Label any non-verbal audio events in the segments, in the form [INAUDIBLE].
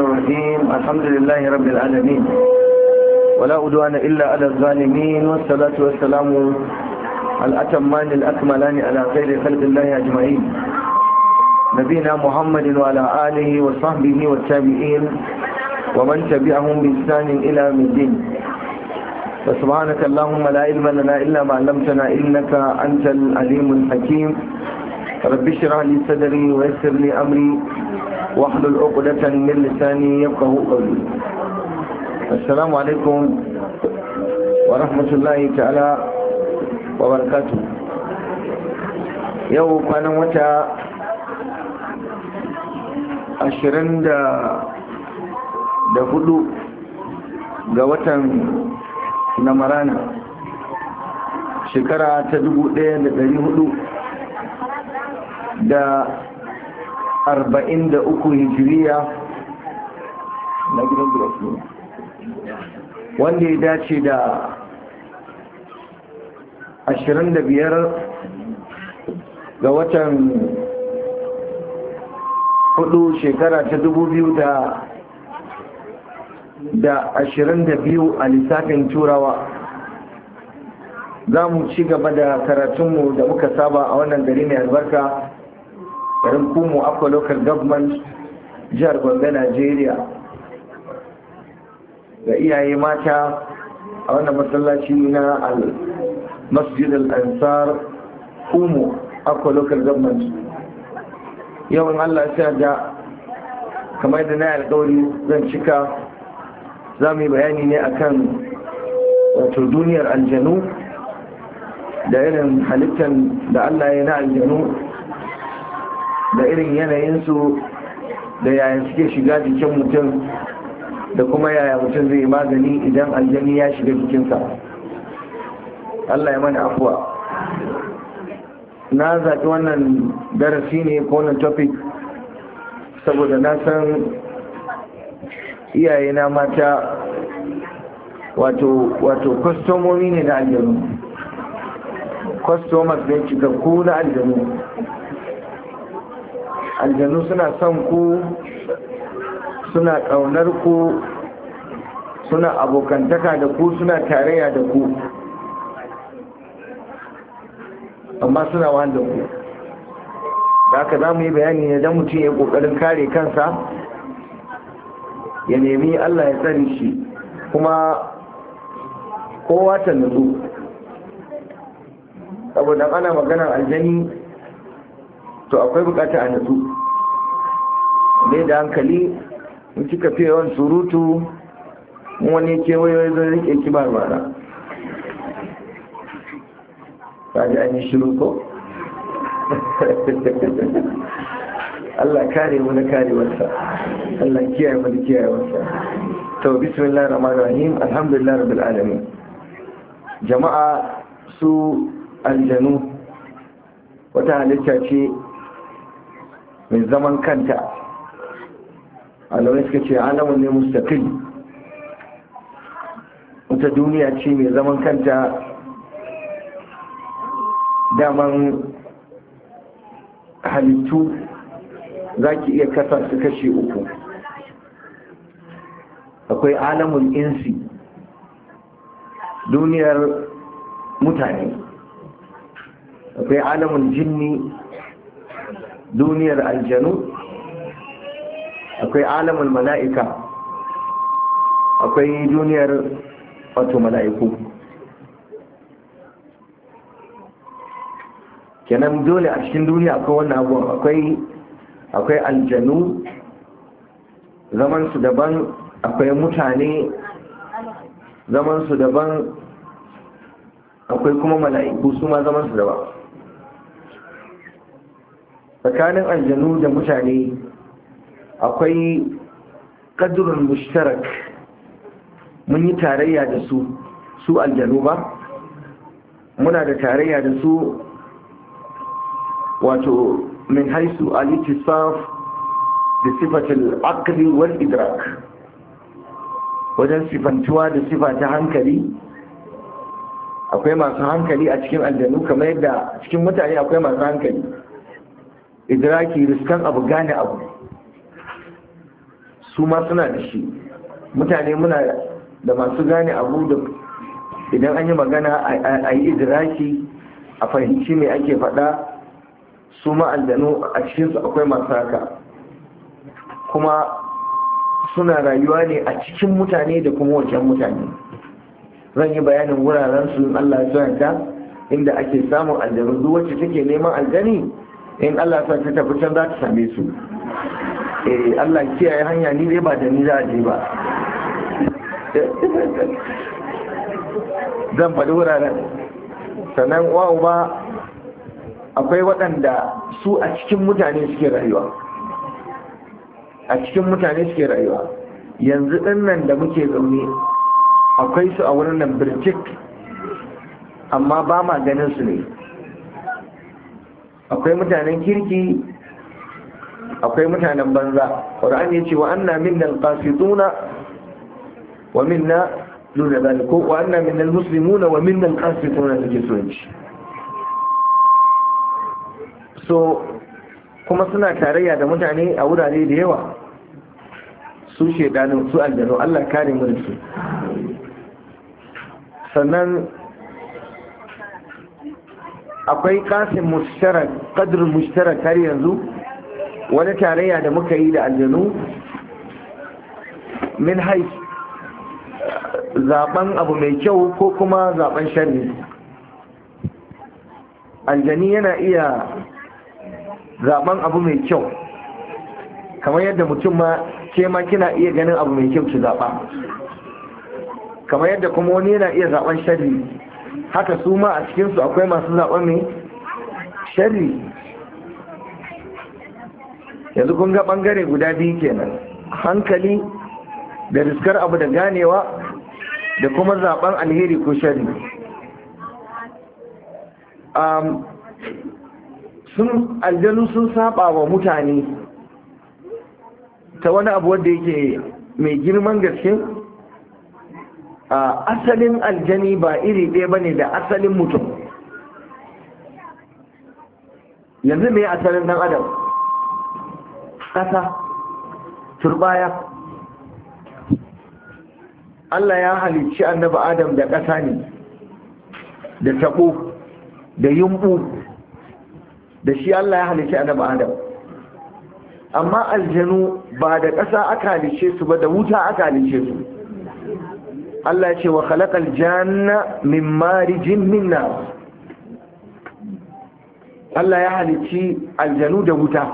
الرحيم الحمد لله رب العالمين ولا أدوان إلا على الظالمين والصلاة والسلام الأتمان الأكملان على خير خلق الله أجمعين نبينا محمد وعلى آله وصحبه والتابعين ومن تبعهم بإحسان إلى يوم الدين فسبحانك اللهم لا علم لنا إلا ما علمتنا إنك أنت العليم الحكيم رب اشرح لي صدري ويسر لي أمري واحلل عقدة من لساني يفقه قولي السلام عليكم ورحمة الله تعالى وبركاته يوم أنا متى ashirin da hudu ga watan namarana shekara ta dubu ɗaya da dari hudu da arba'in da uku hijiriya na gidan gulafi wanda ya dace da ashirin da biyar ga watan hudu shekara ta dubu biyu da da ashirin da biyu a lissafin turawa za mu ci gaba da karatunmu da muka saba a wannan gari mai albarka garin kumo akwa local government jihar gombe nigeria ga iyaye mata a wannan masallaci na masjid al-ansar kumo akwa local government yawan allah ya da kamar da na alkawari zan cika za mu yi bayani ne akan wato duniyar aljanu da irin halittar da allah ya na aljanu da irin yanayinsu da yayin suke shiga jikin mutum da kuma yaya mutum zai magani idan aljani ya shiga jikinsa Allah ya mana afuwa na zaɓi wannan darasi ne ko wannan topic saboda na san iyayena mata wato kwastomomi ne na aljanu customers ne cikakku na aljanu aljanu suna son ku suna ƙaunar ku suna abokantaka da ku suna tarayya da ku amma suna wanda ku da aka zamu yi bayani ne don mutum ya ƙoƙarin kare kansa ya nemi allah ya tsari shi kuma kowa ta nutsu saboda ana maganar aljani to akwai bukata a natsu mai da hankali in kika fi yawan surutu wani kewaye zai rike kibar mara ba da an yi shiru ko? [LAUGHS] Allah kare mu na karewarsa Allah kiyaye mu da wasa. to bismillah ramar rahim alhamdulillah rabbil alamin jama'a su aljanu wata halitta ce mai zaman kanta a alawai suka ce alamun ne mustaqil wata duniya ce mai zaman kanta daman halittu za ki iya kasa su kashe uku akwai alamun insi duniyar mutane akwai alamun jinni duniyar aljanu akwai alamul mala'ika akwai duniyar wato mala'iku kenan dole a cikin duniya akwai wannan abu akwai akwai aljanu zamansu daban akwai mutane zamansu daban akwai kuma mala'iku su ma zamansu daban tsakanin aljanu da mutane akwai ƙadurin mushtarak mun yi tarayya da su su aljanu ba muna da tarayya da su wato min haisu alitisaf da sifatul akali wal idrak wajen sifantuwa da sifa ta hankali akwai masu hankali a cikin aljanu kamar yadda cikin mutane akwai masu hankali idraki riskan abu gane abu su ma suna da shi mutane muna da masu gane abu da idan an yi magana a yi idraki a fahimci mai ake faɗa su ma aljanu a cikinsu akwai masu haka kuma suna rayuwa ne a cikin mutane da kuma wajen mutane zan yi bayanin wuraren su Allah ya inda ake samun aljanu duk wacce take neman aljani in Allah sa ta tafi can za ta same su eh Allah kiyaye hanya ni dai ba da ni za je ba [LAUGHS] zan faɗi wuraren sannan wa ba akwai waɗanda su a cikin mutane suke rayuwa a cikin mutane suke rayuwa yanzu ɗannan da muke zaune akwai su a wurin nan birtik amma ba ma ganin su ne akwai mutanen kirki akwai mutanen banza ƙwar'an ya ce wa anna minna alqasituna wa minna duna zalika wa anna Musulmi na wa minna alqasituna suke so in so kuma suna tarayya da mutane a wurare da yawa su shedanin su aljano Allah kare mu da su sannan akwai kasin mustara kadir mustara har yanzu wani tarayya da muka yi da aljanu min hai zaben abu mai kyau ko kuma zaben sharri aljani yana iya zaben abu mai kyau kamar yadda mutum ma ke ma kina iya ganin abu mai kyau ki zaba kamar yadda kuma wani yana iya zaben sharri haka su ma a cikinsu akwai masu zaɓen ne shari yanzu kun ga ɓangare guda biyu kenan hankali da riskar abu da ganewa da kuma zaɓen alheri ko shari sun aljanu sun saba wa mutane ta wani abu wanda yake mai girman gaske asalin aljani ba iri ɗaya ba ne da asalin mutum yanzu mai asalin ɗan adam ƙasa turbaya Allah ya halicci annaba adam da ƙasa ne da taɓo da yumɓu da shi Allah ya halicci annaba adam amma aljanu ba da ƙasa aka halicce su ba da wuta aka halicce su Allah ya ce wa khalaqal janna min marijin min Allah ya halici aljanu da wuta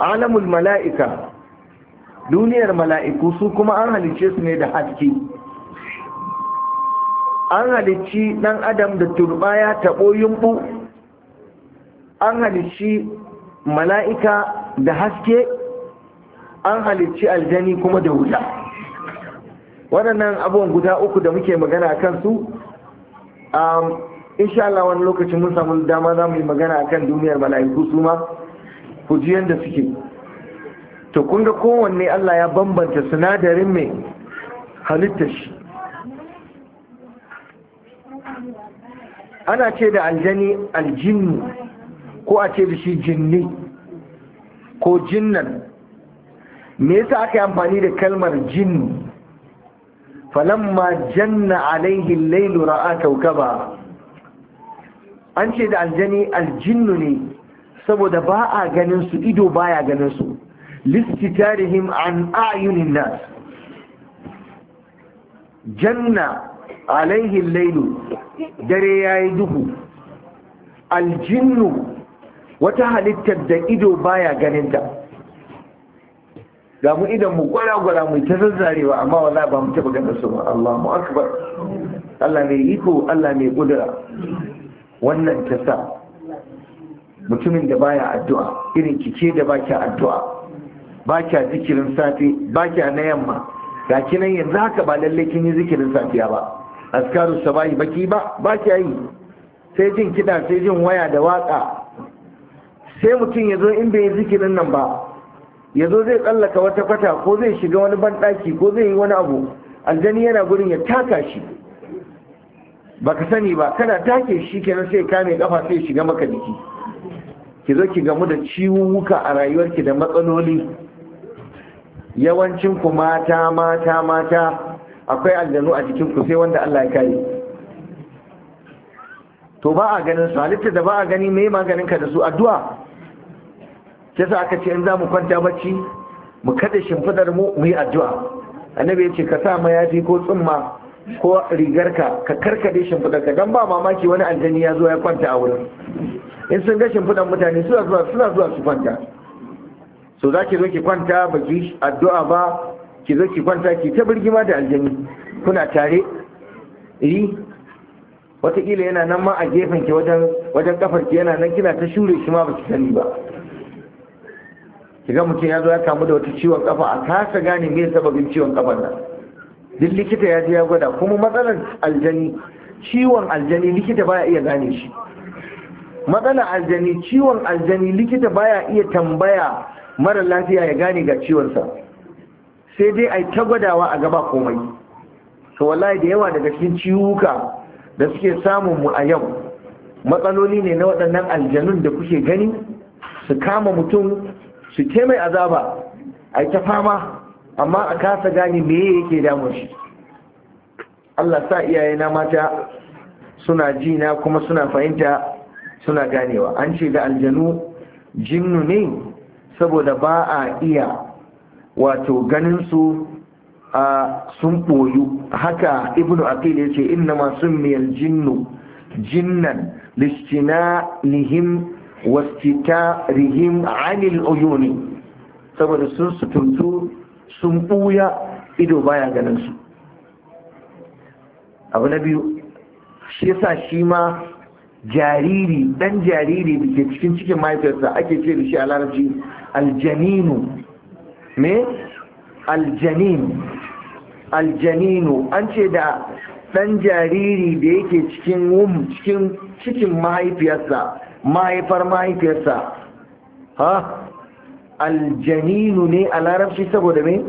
alamul mala'ika duniyar mala'iku su kuma an halice su ne da haske an halici dan adam da turbaya taɓo yumɓu an halici mala'ika da haske an halici aljani kuma da wuta waɗannan abubuwan guda uku da muke magana a kansu um, insha Allah wani lokacin mun samu dama za mu yi magana a kan duniyar mala'iku su ma ku ji suke to kun ga kowanne Allah ya bambanta sinadarin mai halitta shi ana ce da aljani aljinnu ko a ce da shi jinni ko jinnan me yasa aka yi amfani da kalmar jinnu falamma janna alaihi lailu ra'a kaukaba an ce da aljani aljinnu ne saboda ba a ganin su ido baya ganin su listitarihim an ayunin nas janna alaihi lailu dare yayi duhu aljinnu wata halittar da ido baya ganinta ga mu idan mu gwara-gwara mu ta zazzarewa amma wala ba mu taba ganin su ba mu akbar Allah mai iko Allah mai kudura wannan ta sa mutumin da baya addu'a irin kike da baki addu'a baki zikirin safe baki na yamma ga kinan yanzu haka ba lalle kin yi zikirin safiya ba askaru sabai baki ba baki yi sai jin kida sai jin waya da waka sai mutum ya zo in bai yi zikirin nan ba ya zo zai tsallaka wata fata, ko zai shiga wani banɗaki ko zai yi wani abu aljani yana gurin ya taka shi ba ka sani ba kana take shi kenan sai ka mai kafa sai shiga maka jiki ki zo ki gamu da ciwuka a rayuwarki da matsaloli yawancin ku mata mata mata akwai aljanu a jikin ku sai wanda Allah ya kare to ba a ganin su halitta da ba a gani mai maganin ka da su addu'a shi yasa aka ce in za mu kwanta bacci mu kada shimfidar mu mu yi addu'a annabi ya ce ka sa mayafi ko tsumma ko rigarka ka karkade shimfidar ka dan ba mamaki wani aljani ya zo ya kwanta a wurin in sun ga shimfidar mutane suna zuwa suna zuwa su kwanta so za ki zo ki kwanta ba ki addu'a ba ki zo ki kwanta ki ta birgima da aljani kuna tare yi watakila yana nan ma a gefen ki wajen wajen kafar ki yana nan kina ta shure shi ma ba ki sani ba kiga mutum ya zo ya kamu da wata ciwon kafa a kasa gane me sababin ciwon kafan nan duk likita ya je ya gwada kuma matsalar aljani ciwon aljani likita baya iya gane shi matsalar aljani ciwon aljani likita baya iya tambaya mara lafiya ya gane ga ciwon sa. sai dai a ta gwadawa a gaba komai to wallahi da yawa daga cikin ciwuka da suke samun mu a yau matsaloli ne na waɗannan aljanun da kuke gani su kama mutum su ke mai azaba a ta fama amma a kasa gane me yake damun shi Allah sa iyaye na mata suna jina kuma suna fahimta suna ganewa an ce da aljanu jinnu ne saboda ba a iya wato ganin su a sun boyu haka ibnu aqil yace inna ma summiyal jinnu jinnan lihim wastitarihim anil uyuni saboda sun suturtu sun buya ido baya ganin su abu na biyu shi yasa shi ma jariri dan jariri da ke cikin cikin mahaifiyarsa ake ce da shi a larabci aljaninu me aljanin aljaninu an ce da dan jariri da yake cikin wum cikin cikin mahaifiyarsa mahaifar mahaifiyarsa ha aljaninu ne a larabci saboda mai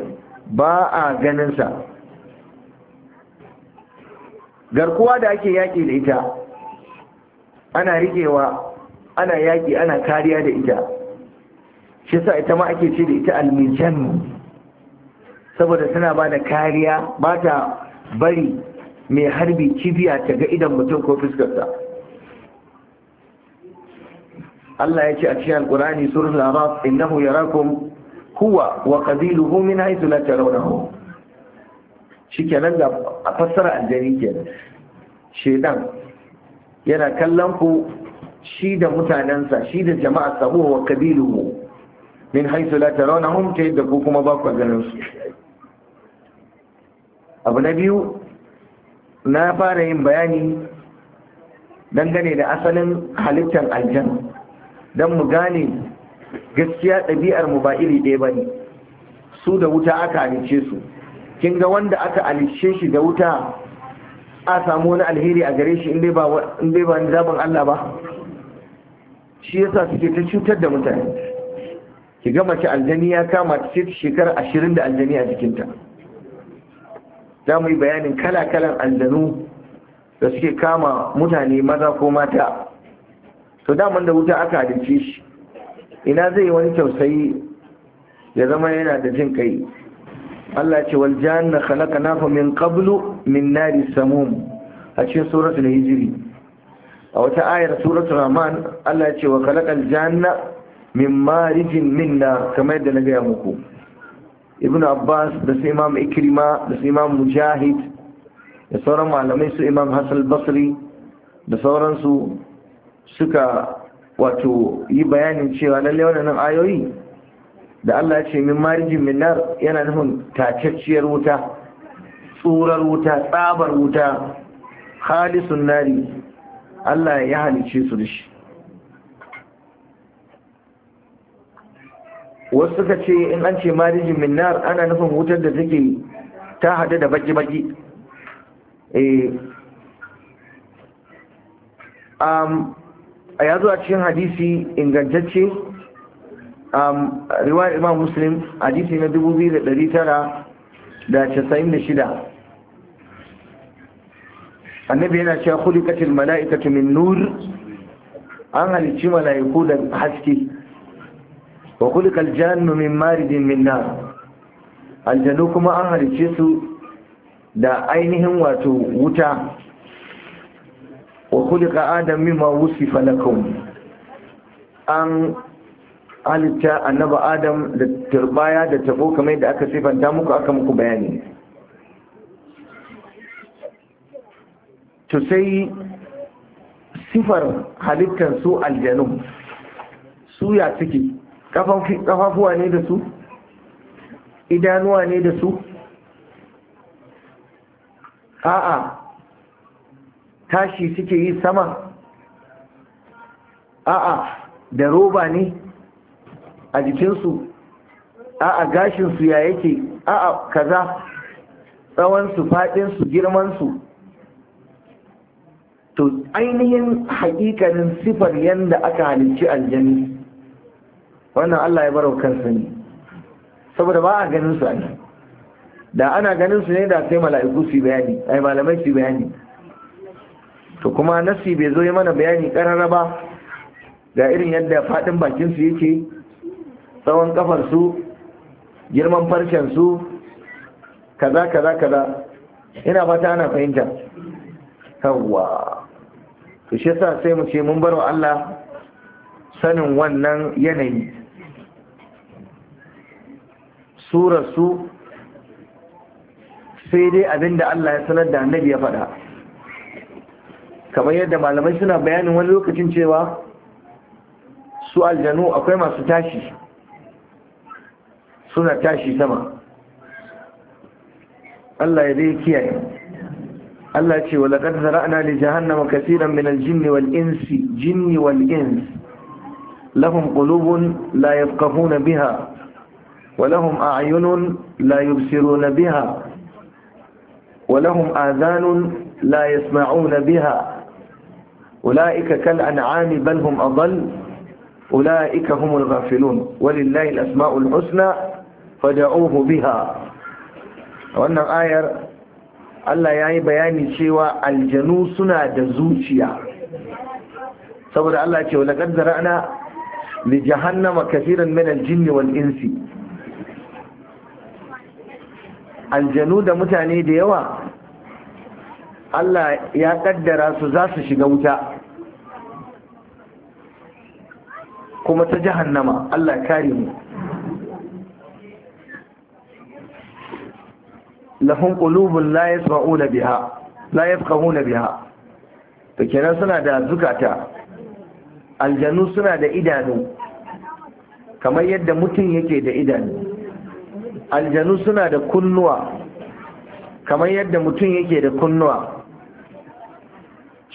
ba a ganinsa garkuwa da ake yaƙi da ita ana riƙewa ana yaƙi ana kariya da ita shi sa ita ma ake ce da ita almijan saboda suna ba da kariya ba ta bari mai harbi kibiya ta ga idan mutum ko fuskarsa Allah ya ce a cikin alkurani surul araf innahu yarakum huwa wa qabiluhu min haythu la tarawnahu shikenan da fassara aljani kenan shedan yana kallon ku shi da mutanensa shi da jama'ar sahu wa qabiluhu min haythu la tarawnahum ta yadda ku kuma ba ku ganin su abu na biyu na fara yin bayani dangane da asalin halittar aljanna don mu gane gaskiya ɗabi'ar mu ba iri ɗaya ba ne su da wuta aka alice su kin ga wanda aka alice shi da wuta a samu wani alheri a gare shi in dai ba wani Allah ba shi yasa suke ta cutar da mutane ki ga mace aljani ya kama ta ce shekara ashirin da aljani a jikinta za mu yi bayanin kala-kalan aljanu da suke kama mutane maza ko mata to daman da wuta aka halince shi ina zai yi wani tausayi ya zama yana da jin kai Allah ce wal janna nafa min qablu min nari samum a cikin suratul hijri a wata ayar suratul rahman Allah ce wa al janna min marijin minna kamar da na gaya muku ibnu abbas da su imam ikrima da su imam mujahid da sauran malamai su imam hasan basri da sauransu suka wato yi bayanin cewa lallai wannan ayoyi da Allah ya ce min marijin min nar yana nufin tacacciyar wuta tsurar wuta tsabar wuta halisun nari Allah ya halice su da shi wasu suka ce in an ce marijin min nar ana nufin wutar da take ta hada da baki-baki eh, um, a yazo a cikin hadisi ingantacce um, riwayar imam muslim hadisi na 2996 annabi yana cewa katil mala'ikatu min nur an halicci mala'iku da haske wa khuliqal jannu min maridin min nar aljanu kuma an halicce su da ainihin wato wuta wa kulika adam mimma wusifa lakum an halitta annaba adam da turbaya da tabo kamar da aka sifanta muku aka muku bayani to sai sifar halittar su aljanu su ya suke kafafuwa ne da su idanuwa ne da su a'a tashi suke yi sama a'a da roba ne a jikinsu a'a gashinsu ya yake a'a kaza tsawonsu faɗinsu girmansu to ainihin haƙiƙanin sifar yadda aka halicci aljani wannan Allah ya baro kansa ne saboda ba a ganin su ne da ana ganin su ne da sai mala'iku su bayani ai malamai su bayani to kuma nasi bai zo yi mana bayani karara ba ga irin yadda faɗin bakinsu yake tsawon kafarsu girman farshensu, kaza kaza kaza ina fata ana fahimta yawwa to shi yasa sai mu ce mun bar wa Allah sanin wannan yanayi surarsu sai dai abinda Allah ya sanar da annabi ya faɗa kamar yadda malamai suna bayanin wani lokacin cewa su aljanu akwai masu tashi suna tashi sama Allah ya zai kiyaye Allah ce wa laqad zara'na li jahannama kaseeran min al-jinni wal-insi jinni wal-ins lahum qulubun la na biha wa lahum a'yunun la yubsiruna biha wa lahum adhanun la yasma'una biha أولئك كالأنعام بل هم أضل أولئك هم الغافلون ولله الأسماء الحسنى فدعوه بها wannan ayar Allah ya yi bayani cewa aljanu suna da zuciya saboda Allah ce wala kaddara na li jahannama kaseeran min aljinn wal insi aljanu da mutane da yawa Allah ya kaddara su za su shiga wuta kuma ta jahannama Allah kare mu lahun ƙulubun la ya biha biya. yafqahuna biha kenan suna da zukata aljanu suna da idanu kamar yadda mutum yake da idanu aljanu suna da kunnuwa kamar yadda mutum yake da kunnuwa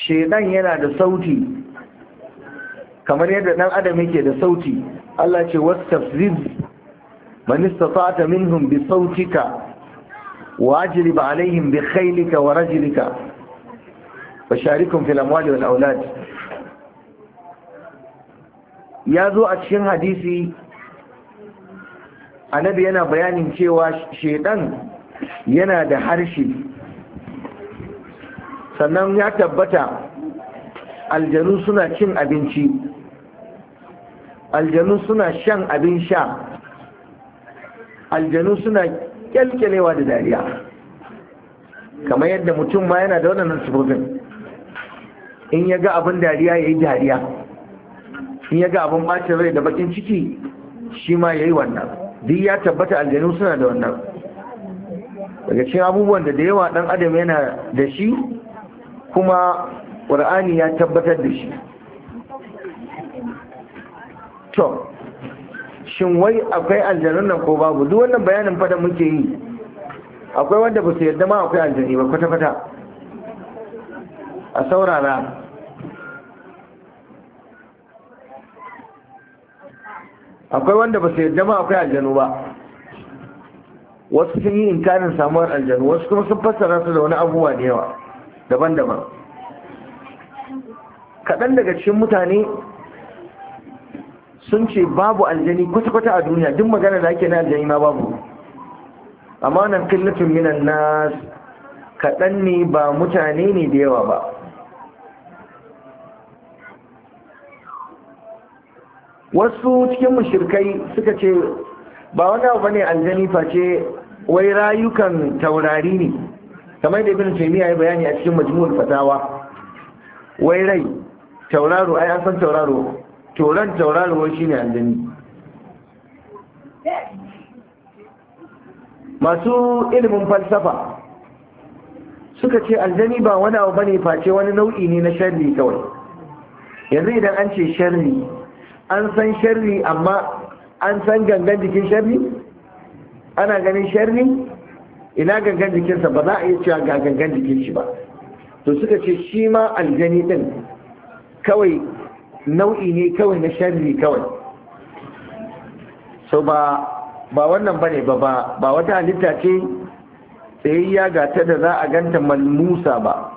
shedan yana da sauti kamar yadda ɗan adam yake da sauti Allah ce wastafziz man istata'ta minhum bi sautika wajlib alaihim bi khaylika wa rajlika Ba fil amwali wal aulad ya zo a cikin hadisi annabi yana bayanin cewa shedan yana da harshe sannan ya tabbata aljanu suna cin abinci aljanu suna shan abin sha aljanu suna kyalkyalewa da dariya kamar yadda mutum ma yana da wannan sufofin in ya ga abin dariya ya yi dariya in ya ga abin ɓacin rai da bakin ciki shi ma ya yi wannan duk ya tabbata aljanu suna da wannan daga cikin abubuwan da da yawa ɗan adam yana da shi kuma ƙur'ani ya tabbatar da shi to shin wai akwai aljanun nan ko babu duk wannan bayanin fada muke yi akwai wanda ba su yarda ma akwai aljani ba kwata-kwata a saurara akwai wanda ba su yarda ma akwai aljanu ba wasu sun yi inkarin samuwar aljanu wasu kuma sun fassara su da wani abubuwa da yawa daban-daban kaɗan daga cikin mutane sun ce babu aljani kwata-kwata a duniya duk magana da ake na aljani ma babu amma nan killatun minan na kaɗan ne ba mutane ne da yawa ba wasu cikin mashirkai suka ce ba wani abu ne aljani face wai rayukan taurari ne kamar da ibn taymiya ya bayani a cikin majmu'ul fatawa wai rai tauraro ai an san tauraro toran tauraro shine aljani masu ilimin falsafa suka ce aljani ba wani abu bane face wani nau'i ne na sharri kawai yanzu idan an ce sharri an san sharri amma an san gangan jikin sharri ana ganin sharri ina gangan jikinsa ba za a iya cewa ga gangan jikin shi ba to suka ce shi ma aljani din kawai nau'i ne kawai na sharri kawai so ba ba wannan bane ba ba ba wata halitta ce tsayayya ga ta da za a ganta malmusa ba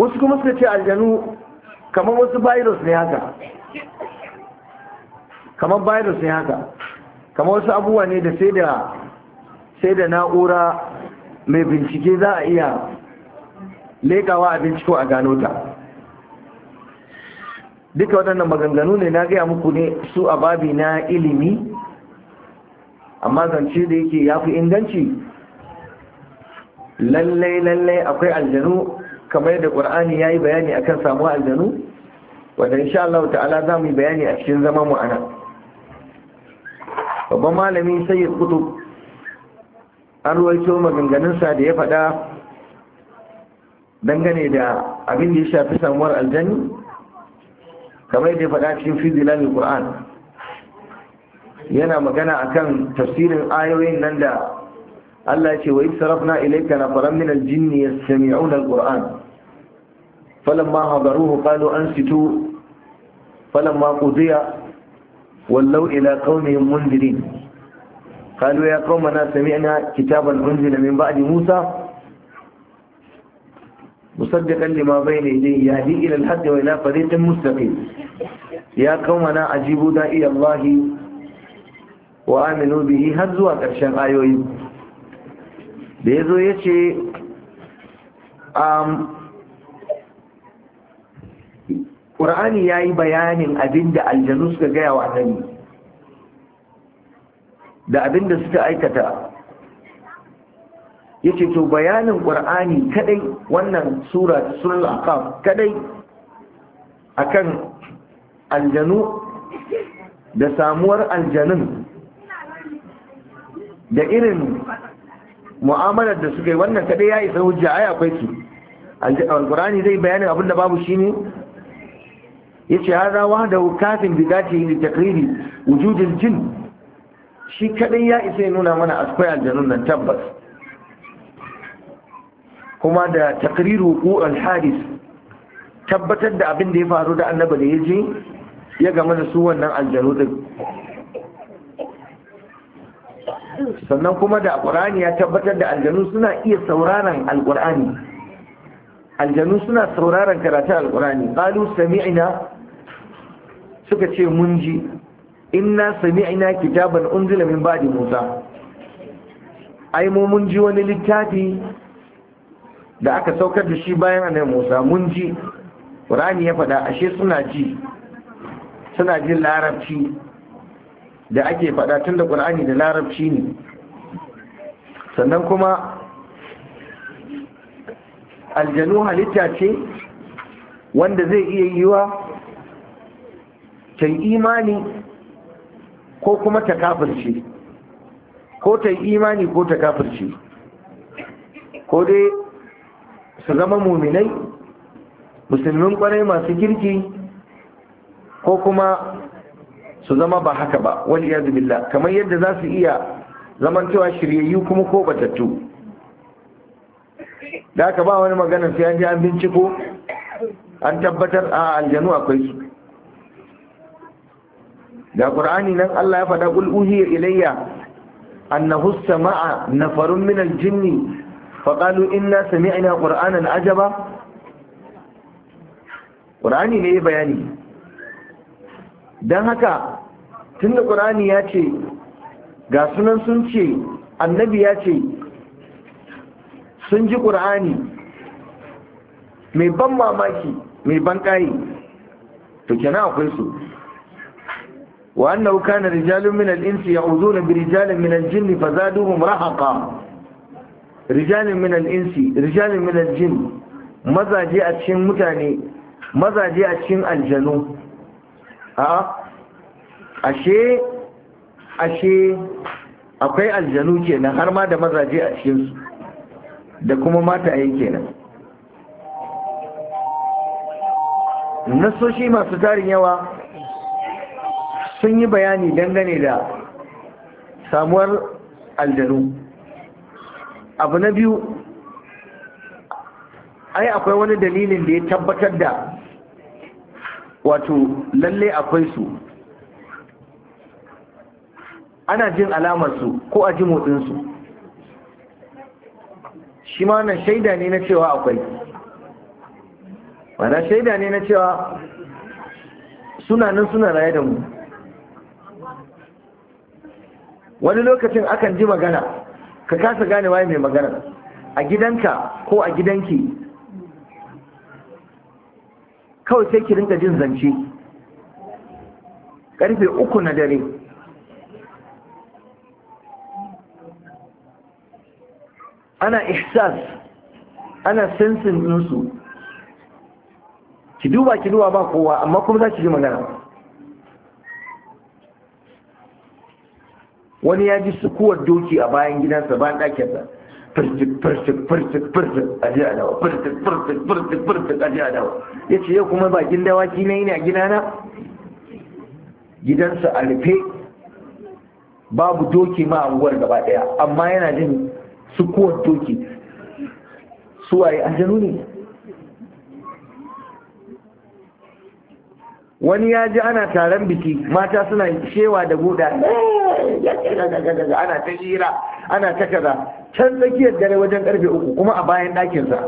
wasu kuma suka ce aljanu kamar wasu virus ne haka kamar virus sai haka kamar wasu abubuwa ne da sai da sai da na'ura mai bincike za a iya lekawa a binciko a gano ta duka waɗannan maganganu ne na gaya muku ne su a babi na ilimi amma zance da yake ya fi inganci lallai lallai akwai aljanu kamar yadda ƙwar'ani ya yi bayani akan samuwa aljanu wadda insha Allah ta'ala za mu yi bayani a cikin zama mu'ana. babban malami sai kutu an ruwaito maganganunsa da ya faɗa dangane da abin da ya shafi samuwar aljani kamar da ya faɗa cikin fizilami ƙur'an yana magana akan tafsirin ayoyin nan da Allah ce wa sarafna ilayka nafaran min aljinni yastami'una alquran falamma An-Situ, falon ma qudiya wallau ila qaumihim mundirin qalu ya qaumana sami'na kitaban unzila min ba'di musa musaddiqan lima bayna yadayhi yahdi ila al-haqq wa ila tariqin mustaqim ya qaumana ajibu da'i allah wa aminu bihi har zuwa karshen ayoyi da yazo yace am um, ƙur'ani ya yi bayanin abin da aljanu suka gaya wa annabi da abin da suka aikata ya ce to bayanin ƙur'ani kadai wannan sura sunan akaf kadai akan aljanu da samuwar aljanun da irin mu'amalar da suka yi wannan kadai ya isa hujja ai akwai su alƙur'ani zai bayanin abin da babu shi ne yace hada wanda kafin bi dhatihi li taqriri wujud al shi kadai ya isa ya nuna mana akwai aljannun nan tabbas kuma da takriru ku al-hadis tabbatar da abin da ya faru da annabi da yaje ya game da su wannan aljannu din sannan kuma da Alƙur'ani ya tabbatar da aljanu suna iya sauraron alqur'ani aljanu suna sauraron karatun alqur'ani qalu sami'na suka ce mun ji inna sami'na kitaban unzila min ba'di musa ai mu mun ji wani littafi da aka saukar da shi bayan annabi musa mun ji qur'ani ya faɗa ashe suna ji suna jin larabci da ake faɗa tun da qur'ani da larabci ne sannan kuma aljanu halitta ce wanda zai iya yiwa ta yi imani ko kuma ta kafirce ko ta imani ko ta kafirce ko dai su zama muminai musulmin kwarai masu girki ko kuma su zama ba haka ba wani yanzu billah kamar yadda za su iya zamantawa shiryayyu kuma ko batattu da aka ba wani magana sai an ji an binciko an tabbatar a aljanu akwai su da qur'ani nan Allah ya faɗa ilayya uhiya ilayya annahu sama'a nafarun min in jinni faqalu inna sami'na qur'anan ajaba qur'ani ne bayani dan haka tun da qur'ani ya ce ga sunan sun ce annabi ya ce sun ji qur'ani mai ban mamaki mai ban kai to kenan akwai su وأنه كان رجال من الإنس يعوذون برجال من الجن فزادوهم رهقا رجال من الإنس رجال من الجن ماذا جاء تشين متاني ماذا جاء تشين الجنو ها أشي أشي akwai الجنو كينا هرما دا ماذا جاء a دا كما ما تأي كينا نصوشي ما ستاري tarin sun yi bayani dangane da samuwar aljanu abu na biyu ai akwai wani dalilin da ya tabbatar da wato lalle akwai su ana jin alamarsu ko a ji motsinsu shi ma wannan shaida ne na cewa akwai wadda shaida ne na cewa sunanin suna raye da mu wani lokacin akan ji magana ka kasa gane waye mai magana a gidanka ko a gidanki kawai sai ki rinka jin zance karfe uku na dare ana ihsas ana sensin nusu ki duba ki duba ba kowa amma kuma za ki ji magana wani ya ji sukuwar doki a bayan gidansa bayan ɗakinsa firtik firtik firtik firtik a ji adawa firtik firtik firtik firtik a ji adawa ya ce yau kuma bakin dawaki na yana gidana gidansa a rufe babu doki ma anguwar gaba ɗaya amma yana jin sukuwar doki suwaye aljanu ne wani ya ji ana taron biki mata suna shewa da guda ana ta shira, ana ta kaza can tsakiyar dare wajen karfe uku kuma a bayan ɗakinsa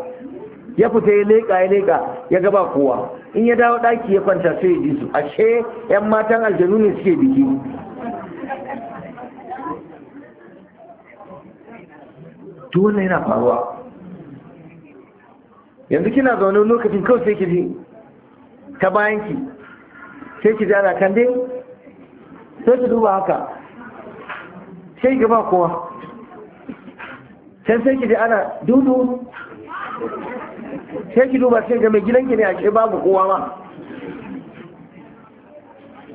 ya fita ya leƙa ya leƙa ya gaba kowa in ya dawo ɗaki ya kwanta sai ya ji su ashe yan matan aljanu ne suke biki dole yana faruwa yanzu kina zaune lokacin kawai sai ki ji ta bayanki. sai ki jana kan dai sai ki duba haka sai ki ba kowa can sai ki da ana dudu sai ki duba sai ga mai gidanki ne a ce babu kowa ma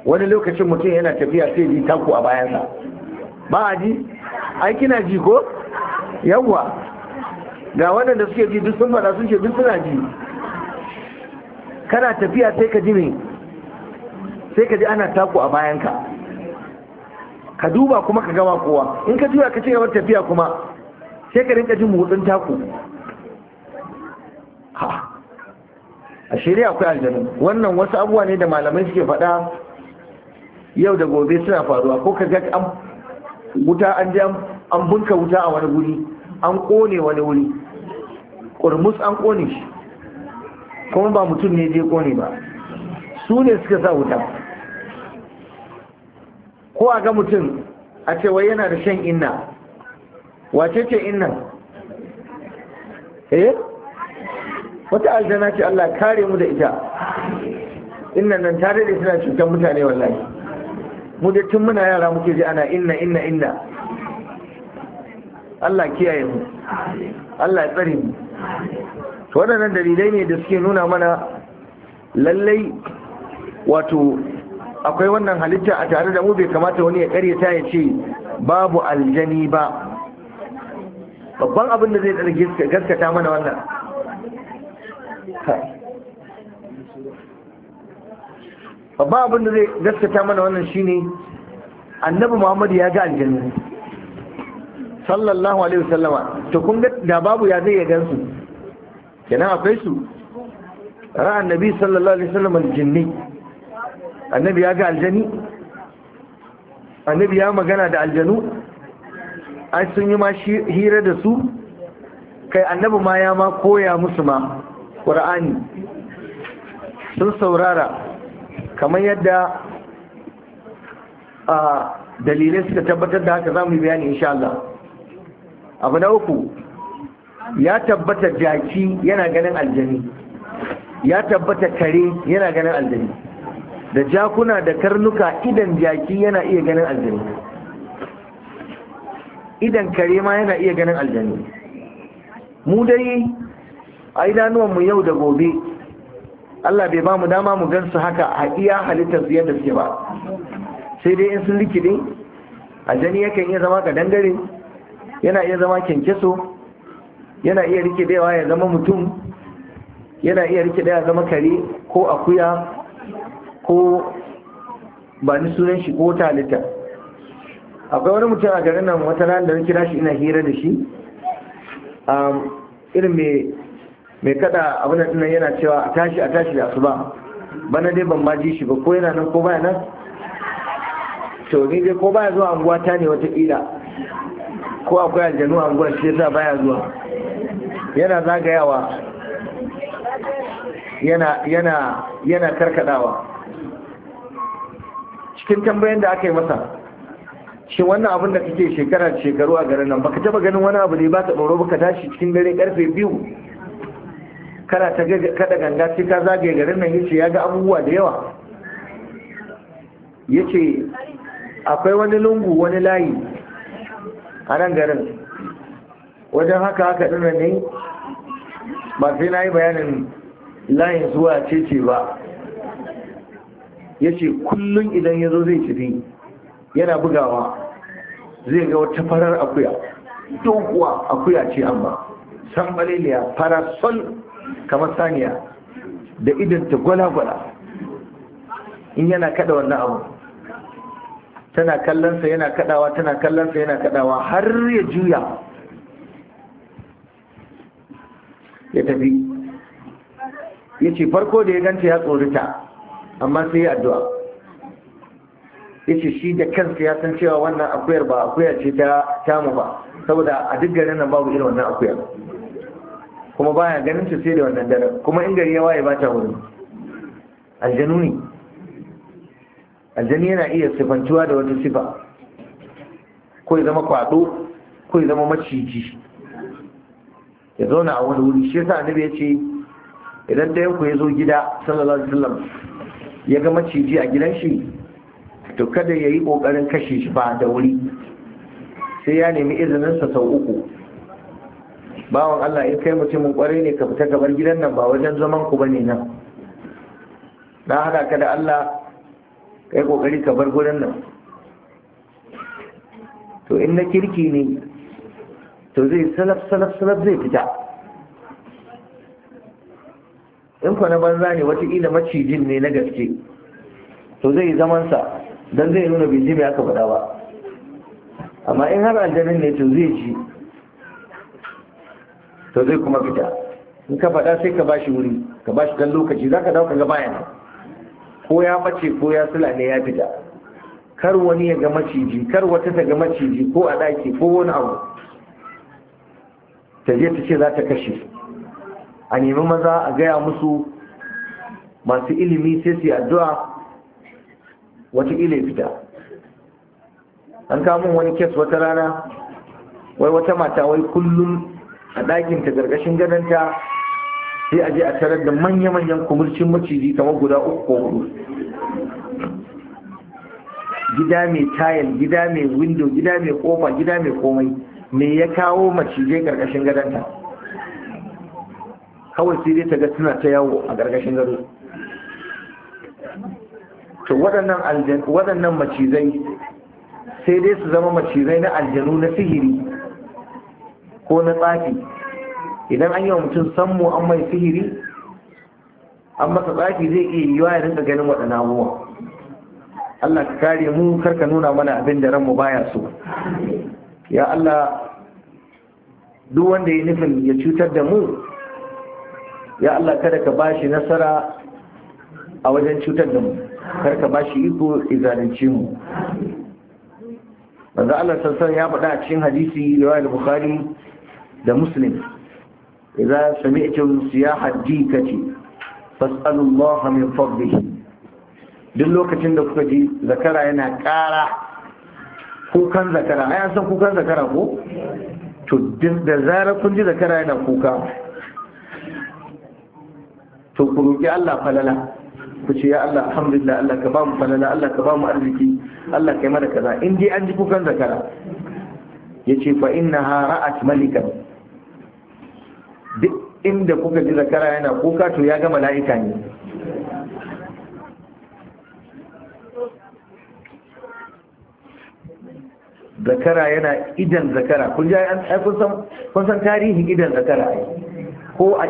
wani lokacin mutum yana tafiya sai ji taku a bayansa ba a ji ai kina ji ko yawwa ga da suke ji duk sun faɗa sun ce duk suna ji kana tafiya sai ka ji ne sai ka ji ana taku a bayanka ka duba kuma ka gama kowa in ka juya ka ci gaban tafiya kuma sai ka rinka jin motsin taku ha a shirya akwai aljanu wannan wasu abubuwa ne da malamai suke faɗa yau da gobe suna faruwa ko ka ga an wuta an ji an bunka wuta a wani guri an kone wani wuri ƙurmus an kone shi kuma ba mutum ne je kone ba su ne suka sa wuta ko a ga mutum a ce wai yana da shan inna wace ce inna? eh wata aljana ce Allah kare mu da ita innan nan tare da suna cutar mutane wallahi mu da tun muna yara muke ji ana inna inna inna Allah kiyaye mu Allah ya tsare mu waɗannan dalilai ne da suke nuna mana lallai wato akwai wannan halitta a tare da mu bai kamata wani ya karyata ya ce babu aljani ba babban abin da zai tsarki gaskata mana wannan babban abin da zai gaskata mana wannan shine annabi muhammadu ya ga aljani sallallahu alaihi wasallama to kun ga da babu ya zai ya gansu kenan akwai su ra'an nabi sallallahu alaihi wasallam aljinni annabi ya ga aljani annabi ya magana da aljanu an sun yi ma hira da su kai annabi ma ya ma koya musu ma ƙur'ani sun saurara kamar yadda a dalilai suka tabbatar da haka za mu yi bayani insha Allah abu na uku ya tabbata jaki yana ganin aljani ya tabbata kare yana ganin aljani da jakuna da karnuka idan jaki yana iya ganin aljani idan kare ma yana iya ganin aljani mu dai a idanuwanmu yau da gobe Allah bai ba mu dama mu gan su haka a iya halittar su yadda suke ba sai dai in sun likide aljani yakan iya zama ka dangare yana iya zama kyankyaso yana iya rikidewa ya zama mutum yana iya rikidewa ya zama kare ko akuya ko ba ni sunan shi ko talita akwai wani mutum a garin nan wata ranar da na kira shi ina hira da shi irin mai kada abin da yana cewa a tashi a tashi da asuba bana dai ban maji shi ba ko yana nan ko baya nan to ni dai ko baya zuwa anguwa ta ne watakila ko akwai aljanu anguwar shi yasa baya zuwa yana zagayawa yana yana yana karkadawa cikin tambayan da aka yi masa shi wannan abin da kake shekara shekaru a garin nan baka taba ganin wani abu ne ba ta tsoro baka tashi cikin dare karfe biyu kana ta kada ganga sai ka zagaye garin nan yace ya ga abubuwa da yawa yace akwai wani lungu wani layi a nan garin wajen haka haka dinnan ne ba sai na yi bayanin layin zuwa cece ba ya ce kullum idan ya zo zai tafi yana bugawa zai ga wata farar akuya dokuwa akuya ce amma sambaliliya farasol kamar saniya da idanta gwala-gwala in yana kada wannan abu tana kallonsa yana kadawa tana kallonsa yana kadawa har ya juya ya tafi ya ce farko da ya ganta ya tsorita amma sai ya addu'a yace shi da kan ya san cewa wannan akuyar ba akuya ce ta tamu ba saboda a duk garin nan babu irin wannan akuyar kuma baya ganin ta sai da wannan dare. kuma in gari ya waye ba ta wurin aljanu ne aljanu yana iya sifantuwa da wata sifa ko ya zama kwado ko ya zama maciji ya zauna a wani wuri shi yasa annabi ya ce idan da yanku ya zo gida sallallahu alaihi wasallam ya ga maciji a gidan shi to kada ya yi ƙoƙarin kashe shi ba da wuri sai ya nemi izinin izininsa sau uku bawan Allah in kai mutumin kwarai ne ka fita gabar gidan nan ba wajen zaman ku bane nan na hada ka da Allah kai kokari ka bar gurin nan to in na kirki ne to zai salaf salaf salaf zai fita in kwa na banza ne wata ila macijin ne na gaske to zai zamansa don zai nuna bai mai aka faɗa ba amma in har aljanin ne to zai ji to zai kuma fita in ka faɗa sai ka bashi wuri ka bashi ɗan lokaci za ka dauka ga bayan ko ya mace ko ya sula ne ya fita kar wani ya ga maciji kar wata ta ga maciji ko a ɗaki ko wani abu ta je ta ce za ta kashe a nemi maza a gaya musu masu ilimi sai su yi addu'a wata ile fita an kamun wani kes wata rana wai wata mata wai kullum a ɗakinta gargashin gananta sai a je a tarar da manya-manyan kumurcin maciji kamar guda uku ko hudu gida mai tayil, gida mai windo gida mai kofa gida mai komai me ya kawo macijai gargashin gananta kawai sai dai ta ga suna ta yawo a gargashin gado to waɗannan macizai sai dai su zama macizai na aljanu na sihiri ko na tsafi idan an yi wa mutum sammo an mai sihiri an masa tsafi zai iya yiwa ya yanzu ganin waɗannan abubuwa Allah ka kare mu karka nuna mana abin da ranmu baya so ya Allah duk wanda ya nufin ya cutar da mu ya Allah kada ka bashi nasara a wajen cutar da mu kar ka bashi iko izalince mu manzo Allah sassan ya faɗa a cikin hadisi riwayat bukhari da muslim idza sami'tum siyaha dikati fas'alu Allah min fadlihi duk lokacin da kuka ji zakara yana ƙara kukan zakara ai an san kukan zakara ko to da zarar kun ji zakara yana kuka to ku roƙi Allah falala ku ce ya Allah alhamdulillah Allah ka ba mu falala Allah ka ba mu arziki Allah ka yi mana kaza in dai an ji kukan zakara yace fa innaha ra'at malikan duk inda kuka ji zakara yana kuka to ya ga mala'ika ne zakara yana idan zakara kun ji an kun san kun san tarihin idan zakara ai ko a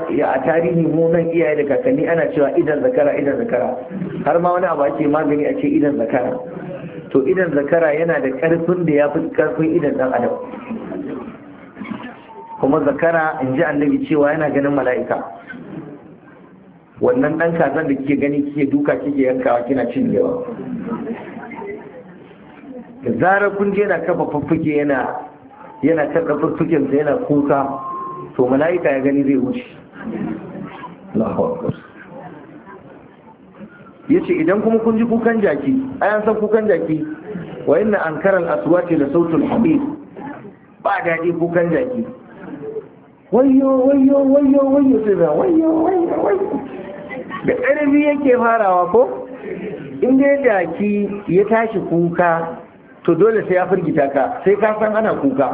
tarihi mu nan iyaye da kakanni ana cewa idan zakara idan zakara har ma wani abu ake magani a ce idan zakara to idan zakara yana da karfin da ya fi karfin idan dan adam kuma zakara in ji annabi cewa yana ganin mala'ika wannan dan kazan da kike gani kike duka kike yankawa kina cin da zarar kun je na kafa fuffuke yana yana yana kuka to mala'ika ya gani zai wuce ya ce idan kuma kun ji kukan jaki ayan san kukan jaki wa ina an karan asuwa ce da sautin habib ba daɗi kukan jaki wayo wayo wayo wayo sai da wayo wayo wayo da ƙarfi yake farawa ko in dai jaki ya tashi kuka to dole sai ya firgita ka sai ka san ana kuka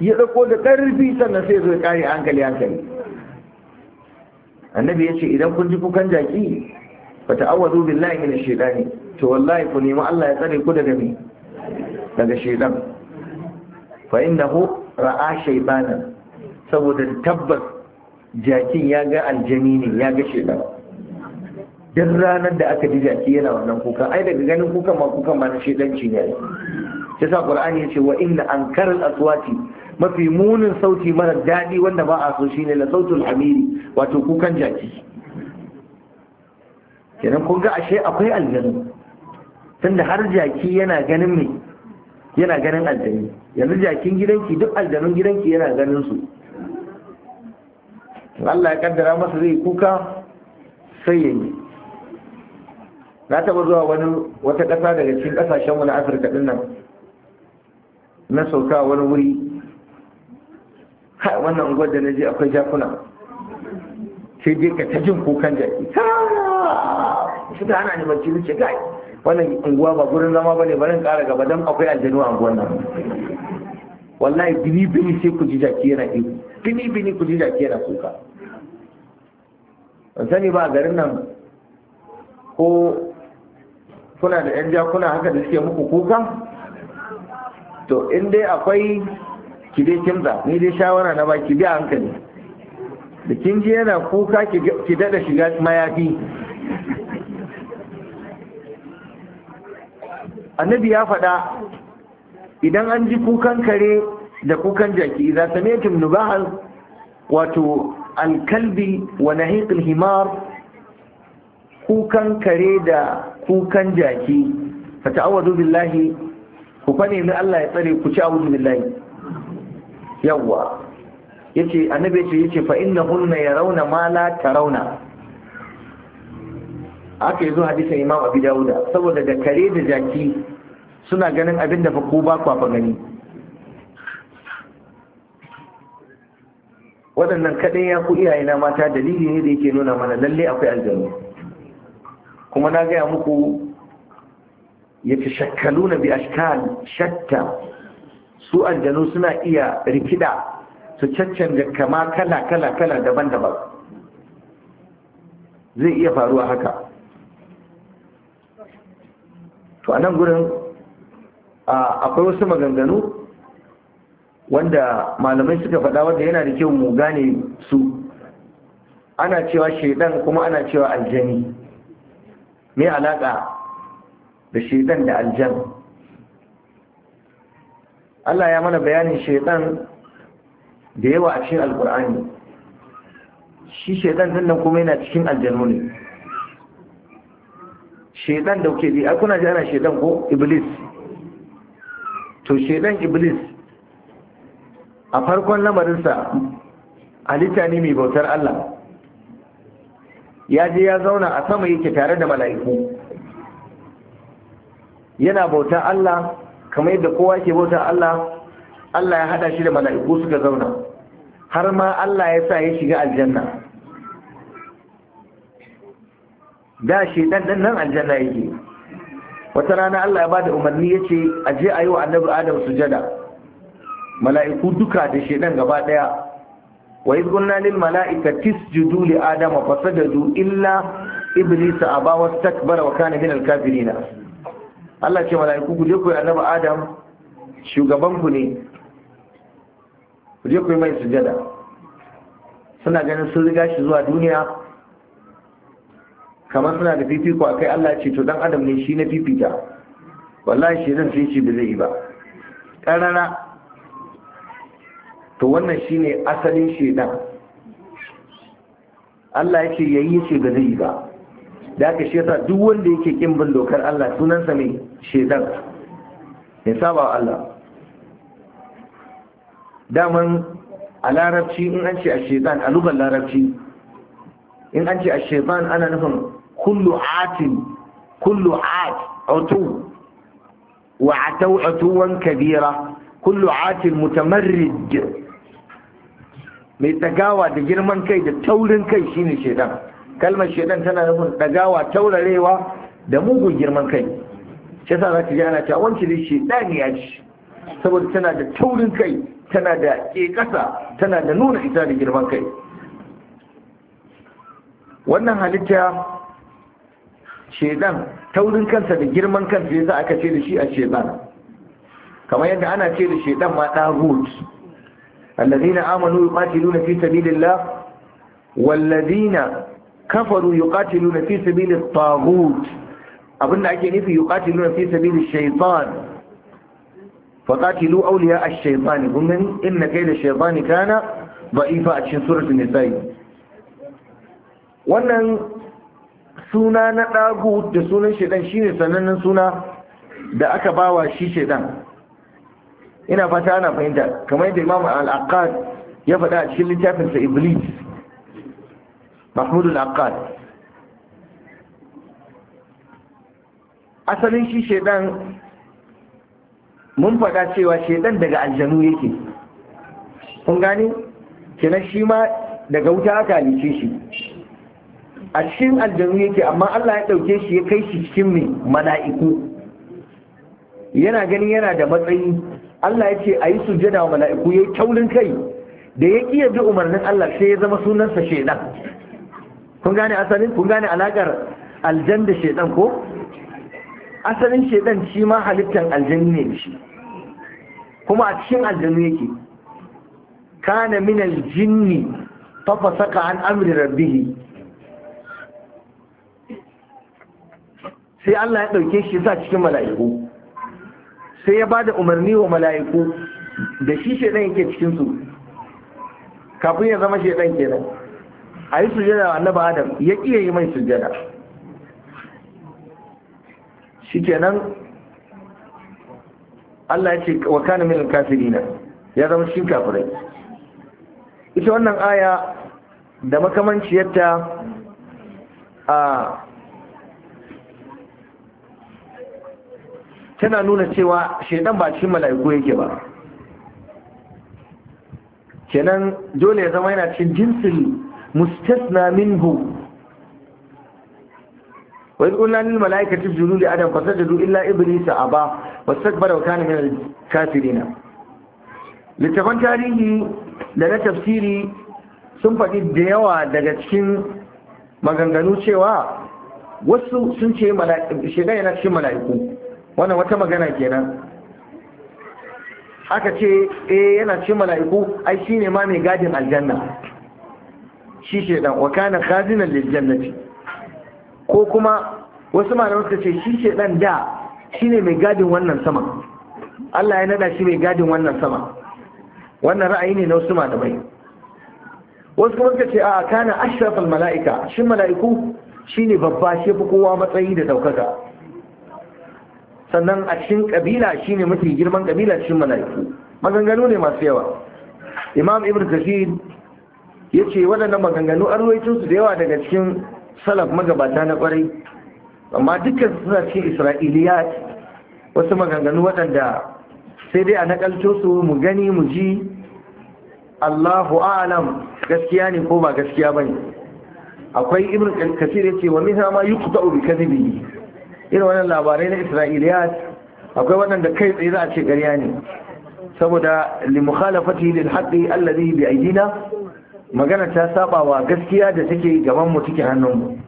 ya ɗauko da ƙarfi sannan sai zo ya kare hankali hankali annabi ya ce idan kun ji kukan jaki ba fa ta'awwazu billahi min ne. to wallahi ku nemi Allah ya tsare ku daga me daga shaytan fa ra'a shaytanan saboda tabbas jakin ya ga aljani ne ya ga shaidan dan ranar da aka ji jaki yana wannan kuka ai daga ganin kukan ma kukan ma na shaidanci ne ai yasa qur'ani ce wa inna an al-aswati mafi munin sauti mara daɗi wanda ba a so shine ne sautin hamiri wato kukan jaki kenan kun ga ashe akwai aljanu tunda har jaki yana ganin me yana ganin aljanu yanzu jakin gidanki duk aljanun gidanki yana ganin su Allah ya kaddara masa zai kuka sai yayi na taba zuwa wani wata ƙasa daga cikin ƙasashenmu na afirka ɗin nan na sauka wani wuri kai wannan unguwar da na je akwai jakuna sai je ka ta jin kukan jaki su ta hana ni bacci wuce gai wannan unguwa ba gurin zama ne barin kara gaba don akwai aljanu a unguwar nan wallahi bini bini sai ku ji jaki yana ihu bini bini ku ji jaki yana kuka ban sani ba a garin nan ko kuna da yan jakuna haka da suke muku kuka to in dai akwai ki dai kimza ni dai shawara na baki bi hankali da kin ji yana kuka ki dada shiga mayafi annabi ya faɗa idan an ji kukan kare da kukan jaki za ta metin nubahar wato alkalbi wa na himar kukan kare da kukan jaki fata awadu billahi ku fane ni Allah ya tsare ku ci awudu billahi yawwa yace annabi ce yace fa hunna yarawna ma la tarawna aka yi zo hadisin imam abi dauda saboda da kare da jaki suna ganin abin da fa ko ba kwa fa gani waɗannan kaɗai ya ku iyaye na mata dalili ne da yake nuna mana lalle akwai aljanu kuma na gaya muku ya fi na bi ashkal shatta su aljanu suna iya rikida su caccanja kama kala kala kala daban-daban zai iya faruwa haka to a nan gurin akwai wasu maganganu wanda malamai suka faɗa wanda yana da kyau mu gane su ana cewa shaidan kuma ana cewa aljani me alaƙa da shaidan da aljan Allah ya mana bayanin shaitan da yawa a cikin alkur'ani shi shaitan din nan kuma yana cikin aljanu ne shaitan da kuke bi akuna ji ana shaitan ko iblis to shaitan iblis a farkon lamarinsa halitta ne mai bautar Allah ya je ya zauna a sama yake tare da mala'iku yana bauta Allah kamar yadda kowa ke bauta Allah Allah ya hada shi da mala'iku suka zauna har ma Allah ya sa ya shiga aljanna da shi dan dan nan aljanna yake wata rana Allah ya bada umarni yace aje yi wa annabi Adam sujada mala'iku duka da dan gaba daya wa iz qulna lil mala'ikati isjudu li adama fasajadu illa iblis aba wastakbara wa kana min al-kafirin Allah ce mala'iku ku je ku annabi Adam shugaban ku ne ku je ku yi mai sujada suna ganin sun riga shi zuwa duniya kamar suna da fifiko akai Allah ce to dan Adam ne shi na fifita wallahi shi zan sai shi ba zai yi ba karara to wannan shine asalin shedan Allah yake yayi ce ba zai yi ba da aka shi yasa duk wanda yake kin bin dokar Allah sunansa mai shedan ya saba Allah daman a larabci in an ce a shedan a lugar larabci in an ce a shedan ana nufin kullu atin kullu at utu wa atau utuwan kabira kullu atin mutamarrid mai tagawa da girman kai da taurin kai shine shedan kalmar shaidan tana nufin dagawa taurarewa da mugun girman kai shi yasa za ka ji ana cewa wancan dai shaidan ya ci saboda tana da taurin kai tana da ƙeƙasa tana da nuna ita da girman kai wannan halitta shaidan taurin kansa da girman kansa yasa aka ce da shi a shaidan kamar yadda ana ce da shaidan ma ɗagut allazina amanu yuqatiluna fi sabilillah wallazina kafaru yuqatiluna fi sabili at-taghut abinda ake nufi yuqatiluna fi sabili shaytan faqatilu awliya ash-shaytan gumman inna kayda ash-shaytani kana da'ifa a cikin an-nisa wannan suna na dagut da sunan shaytan shine sanannen suna da aka bawa shi shaytan ina fata ana fahimta kamar yadda imamu al-aqad ya faɗa a cikin littafinsa iblis mahmud al asalin shi shedan mun faɗa cewa shedan daga aljanu yake kun gane kenan shi ma daga wuta aka halice shi a cikin aljanu yake amma Allah ya ɗauke shi ya kai shi cikin mai mala'iku yana gani yana da matsayi Allah ya ce a yi sujjada wa mala'iku ya yi taurin kai da ya iya bi umarnin Allah sai ya zama sunansa shedan. kun gane asalin kun gane alakar aljan da shedan ko asalin shedan shi ma halittar aljan ne shi kuma a cikin aljanu yake kana min aljinni fa fasaka an amri rabbih sai Allah ya dauke shi sa cikin mala'iku sai ya bada umarni wa mala'iku da shi shedan yake cikin su kafin ya zama shedan kenan a yi sujada wa annaba adam ya yi mai sujada shi kenan Allah ya ce wa kana min kafirina ya zama shi kafirai ita wannan aya da makamanciyarta a tana nuna cewa shaidan ba cikin mala'iku yake ba kenan dole ya zama yana cikin jinsin mustasna minhu wa idh qulna lil malaikati isjudu li adam fasajadu illa iblisa aba wastakbara wa kana min al kafirin littafan tarihi da na tafsiri sun faɗi da yawa daga cikin maganganu cewa wasu sun ce shiga yana cikin mala'iku wannan wata magana kenan aka ce eh yana cikin mala'iku ai shine ma mai gadin aljanna shi ɗan wa kana khazinan lil jannati ko kuma wasu na suka ce shi ɗan da shine mai gadin wannan sama Allah ya nada shi mai gadin wannan sama wannan ra'ayi ne na wasu malamai wasu kuma suka ce a kana ashrafal mala'ika shin mala'iku shine babba shi fi kowa matsayi da daukaka sannan a cikin kabila shine mafi girman kabila cikin mala'iku maganganu ne masu yawa imam ibn kathir ya ce waɗannan maganganu an su da yawa daga cikin salaf magabata na ƙwarai amma dukkan suna cikin israiliya wasu maganganu waɗanda sai dai a nakalto su mu gani mu ji allahu alam gaskiya ne ko ba gaskiya ba ne akwai ibn kasir ya ce wa min ma yi kuta ubi kadibi irin wannan labarai na isra'iliyat akwai waɗanda kai tsaye za a ce ƙarya ne saboda li mukhalafati lil haqqi alladhi bi aydina magana ta saba wa gaskiya da take gaban mu take hannun mu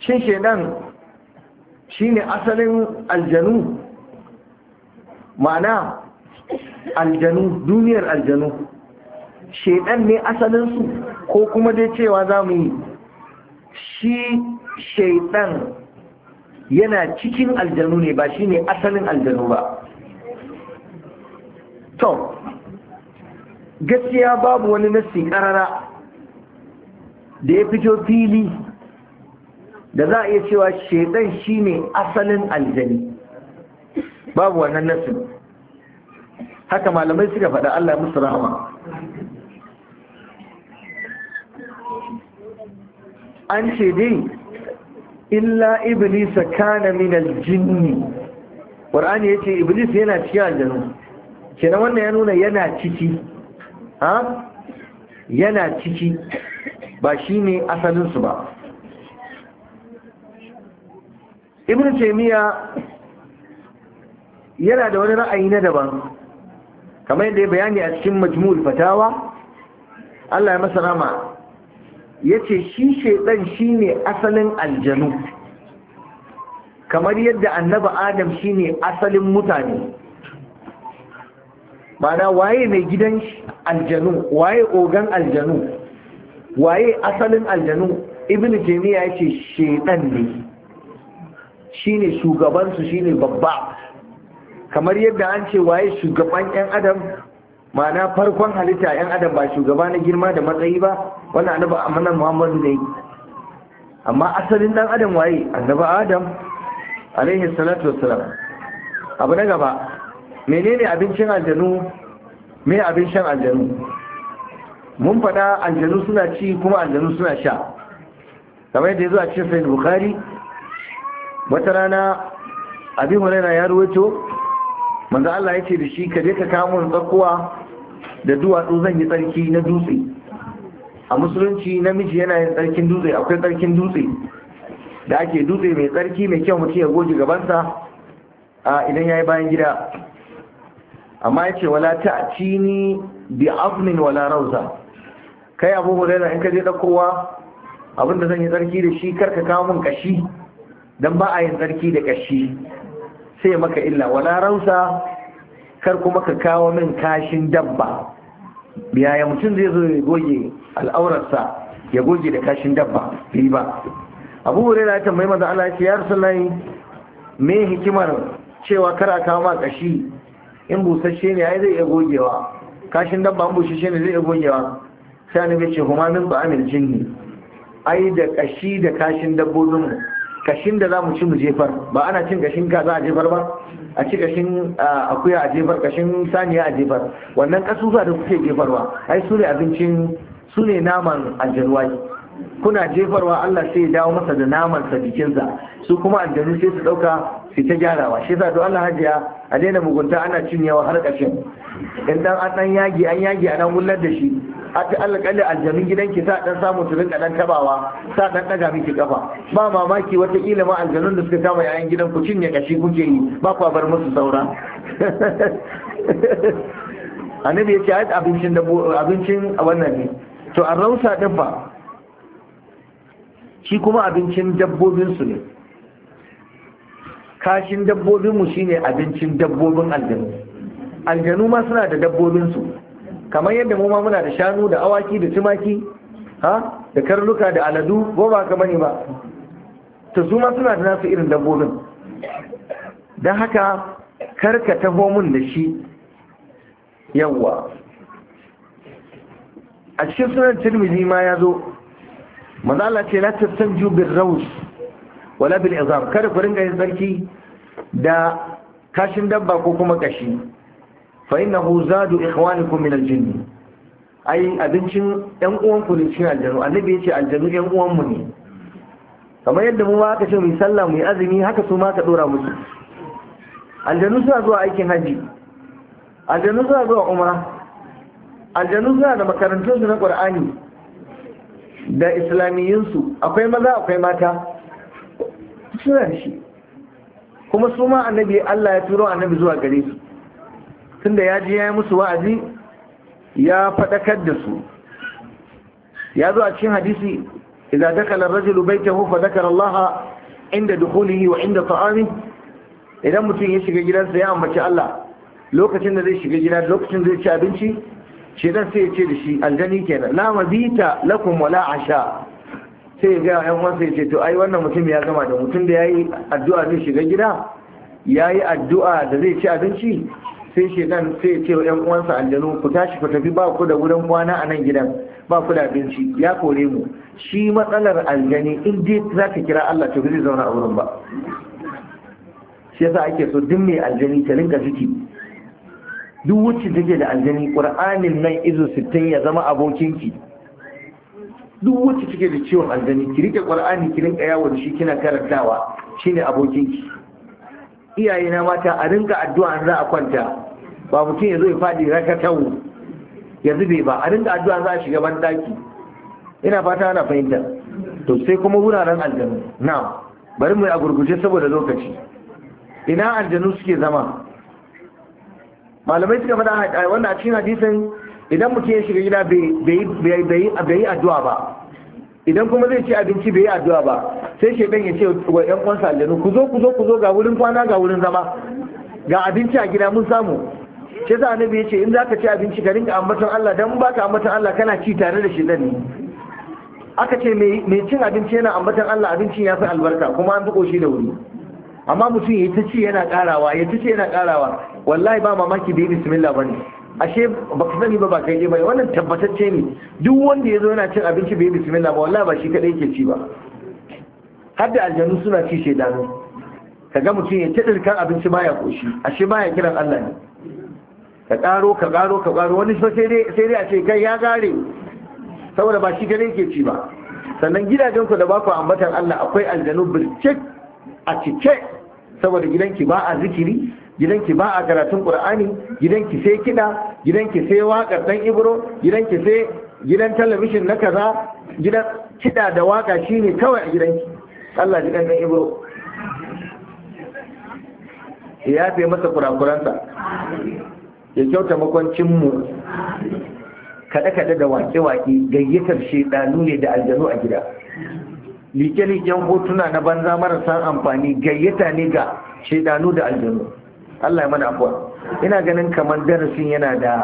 shin shi shine asalin aljanu ma'ana aljanu duniyar aljanu shedan ne asalinsu ko kuma dai cewa za mu yi shi shaidan yana cikin aljanu ne ba shi ne asalin aljanu ba to gaskiya babu wani nassi karara da ya fito fili da za a iya cewa shaidan ne asalin aljani babu wannan nassin haka malamai suka faɗa Allah musu rahama an ce dai illa iblis kana min aljinni qur'ani yace iblis yana cikin aljanu kenan wannan ya nuna yana ciki ha yana ciki ba shi ne asalinsu ba ibn taimiyya yana da wani ra'ayi na daban kamar yadda ya bayani a cikin majmul fatawa Allah ya masa rama ya ce shi shaidan shi ne asalin aljanu kamar yadda annaba adam shi ne asalin mutane mana waye mai gidan aljanu waye ogan aljanu waye asalin aljanu ibn jamiya ya ce ne shine shugabansu shine babba kamar yadda an ce waye shugaban yan adam mana farkon halitta yan adam ba shugaba na girma da matsayi ba wannan annabi amanan muhammadu ne amma asalin dan adam waye annabi adam alaihi salatu wassalam abu na gaba menene abincin aljanu me abin shan aljanu mun faɗa aljanu suna ci kuma aljanu suna sha kamar yadda ya zo a cikin sayin bukari wata rana abin hulana ya ruwato manzo Allah ya ce da shi ka je ka kawo mun tsakuwa da duwatsu zan yi tsarki na dutse a musulunci namiji yana yin tsarkin dutse akwai tsarkin dutse da ake dutse mai tsarki mai kyau mutum ya goge gabansa a idan ya yi bayan gida amma yace wala cini bi afnin wala rauza kai abu hurairah in ka je dakowa abinda zan yi tsarki da shi kar ka kawo min kashi dan ba a yin tsarki da kashi sai maka illa wala rausa kar kuma ka kawo min kashin dabba yaya mutum zai zo ya goge al'aurarsa ya goge da kashin dabba bai ba abu hurairah ya tambayi manzo Allah ya ce ya rasulullahi me hikimar cewa kar a kawo ma kashi in busasshe ne ai zai iya gogewa kashin dabba an busasshe ne zai iya gogewa sai annabi ce huma min ba'amil jinni ai da kashi da kashin dabbobin mu kashin da za mu ci mu jefar ba ana cin kashin za a jefar ba a ci kashin akuya a jefar kashin saniya a jefar wannan kasusa da kuke jefarwa ai su ne abincin su ne naman aljanwai kuna jefarwa Allah sai ya dawo masa da naman sa jikinsa su kuma aljanu sai su dauka sai ta gyarawa shi yasa to Allah hajiya a daina mugunta ana cinyewa har ƙarshen in dan an dan yagi an yagi a dan wullar da shi a ta alƙalin aljamin gidanki sa dan samu su rinka dan tabawa sa dan daga miki kafa ba mamaki wata kila ma aljanun da suka kama yayan gidan ku cinye kashi kuke yi ba ku bar musu saura [LAUGHS] annabi ya ce ai abincin abincin wannan ne to a rausa din ba shi kuma abincin dabbobinsu ne kashin dabbobinmu shine abincin dabbobin aljanu aljanu ma suna da dabbobinsu kamar yadda mu ma muna da shanu da awaki da tumaki ha da karnuka da aladu ko ba ka bane ba to su ma suna da nasu irin dabbobin don haka karka taho mun da shi yawwa a cikin sunan tirmidhi ma ya zo manzo Allah ce la tastanju bil raus wala bil izam kada ku ringa yin sarki da kashin dabba ko kuma kashi fa innahu zadu ikhwanikum min aljinn ay abincin ɗan uwan ku ne cikin aljanu annabi yace aljanu ɗan uwan mu ne kamar yadda mu aka ce mu sallah mu azumi haka su ma ka dora musu aljanu suna zuwa aikin haji aljanu suna zuwa umra aljanu suna da su na qur'ani da su akwai maza akwai mata suna da shi kuma su ma annabi Allah ya turo annabi zuwa gare su tunda ya ji ya yi musu wa'azi ya faɗakar da su ya zo a cikin hadisi idan dakala rajulu baitahu fa dakara Allah inda dukhulihi wa inda ta'ami idan mutum ya shiga gidansa ya ambaci Allah lokacin da zai shiga gida lokacin zai ci abinci shedan sai ya ce da shi aljani kenan la mabita lakum wala asha sai ya gaya yan ya ce to ai wannan mutum ya gama da mutum da ya yi addu'a zai shiga gida ya yi addu'a da zai ci abinci sai dan sai ya ce wa yan uwansa aljanu ku tashi ku tafi ba ku da gudan kwana a nan gidan ba ku da abinci ya kore mu shi matsalar aljani in dai za ka kira Allah to zai zauna a wurin ba shi yasa ake so duk mai aljani ta rinka ciki duk wacce take da aljani qur'anin nan izo sittin ya zama abokinki duk wacce take da ciwon aljani ki rike qur'ani ki rinka yawo da shi kina karantawa shine abokinki iyaye na mata a rinka addu'a an za a kwanta ba mutum ya zo ya fadi tawo ya zube ba a rinka addu'a za a shiga ban daki ina fata ana fahimta to sai kuma wuraren aljanu na bari mu yi a gurguje saboda lokaci ina aljanu suke zama malamai suka faɗa wanda a cikin hadisin idan mutum ya shiga gida bai yi addu'a ba idan kuma zai ci abinci bai yi addu'a ba sai shekan ya ce wa yan kwansa aljanu ku zo ku zo ku zo ga wurin kwana ga wurin zama ga abinci a gida mun samu za a nabi ya ce in za ka ci abinci ka rinka ambaton Allah dan ka ambaton Allah kana ci tare da shi ne aka ce mai cin abinci yana ambaton Allah abincin ya fi albarka kuma an fi shi da wuri amma mutum ya yana karawa ya ta yana karawa wallahi ba mamaki da bai bismillah bane ashe ba ka sani ba ba kai ba wannan tabbatacce ne duk wanda ya zo yana cin abinci bai bismillah ba wallahi ba shi kadai yake ci ba har da aljanu suna ci Ka ga mutum ya ci dirkan abinci baya koshi ashe baya kiran Allah ne ka karo ka karo ka karo wani sai dai sai dai a ce kai ya gare saboda ba shi kadai yake ci ba sannan gidajen ku da ba ku ambatan Allah akwai aljanu bilce a cike saboda gidanki ba a zikiri gidanki ba a karatun qur'ani gidanki sai kida Gidan ki sai waƙar ɗan ibro gidan ki sai gidan talabishin na kaza gidan kiɗa da waƙa shine kawai a gidanki Allah gidan ɗan ibro ya fi masa kurakuransa ya kyauta makwancinmu kada-kada da wake-wake gayyatar shaidanu ne da aljanu a gida liƙe-liƙen hotuna na banza marasa amfani gayyata ne ga shaidanu da aljanu Allah ya mana afuwa ina ganin kamar darasin yana da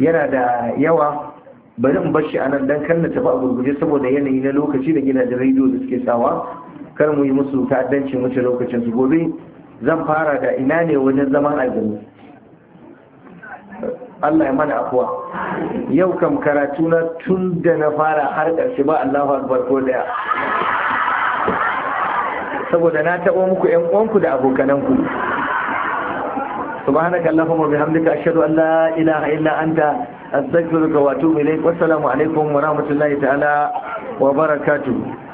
yana da yawa bari in bashi anan dan kar na tafi a gurguje saboda yanayi na lokaci da gidajen rediyo da suke sawa kar mu yi musu ta'addanci wuce lokacin su gobe zan fara da ina ne wajen zaman azumi Allah ya mana afuwa yau kam karatu na tun da na fara har ƙarshe ba Allahu akbar ko daya saboda na taɓo muku ƴan uwanku da abokananku subhanaka allahumma wa bihamdika ashhadu an la ilaha illa anta astaghfiruka wa atubu ilaik wassalamu alaikum wa rahmatullahi ta'ala wa barakatu.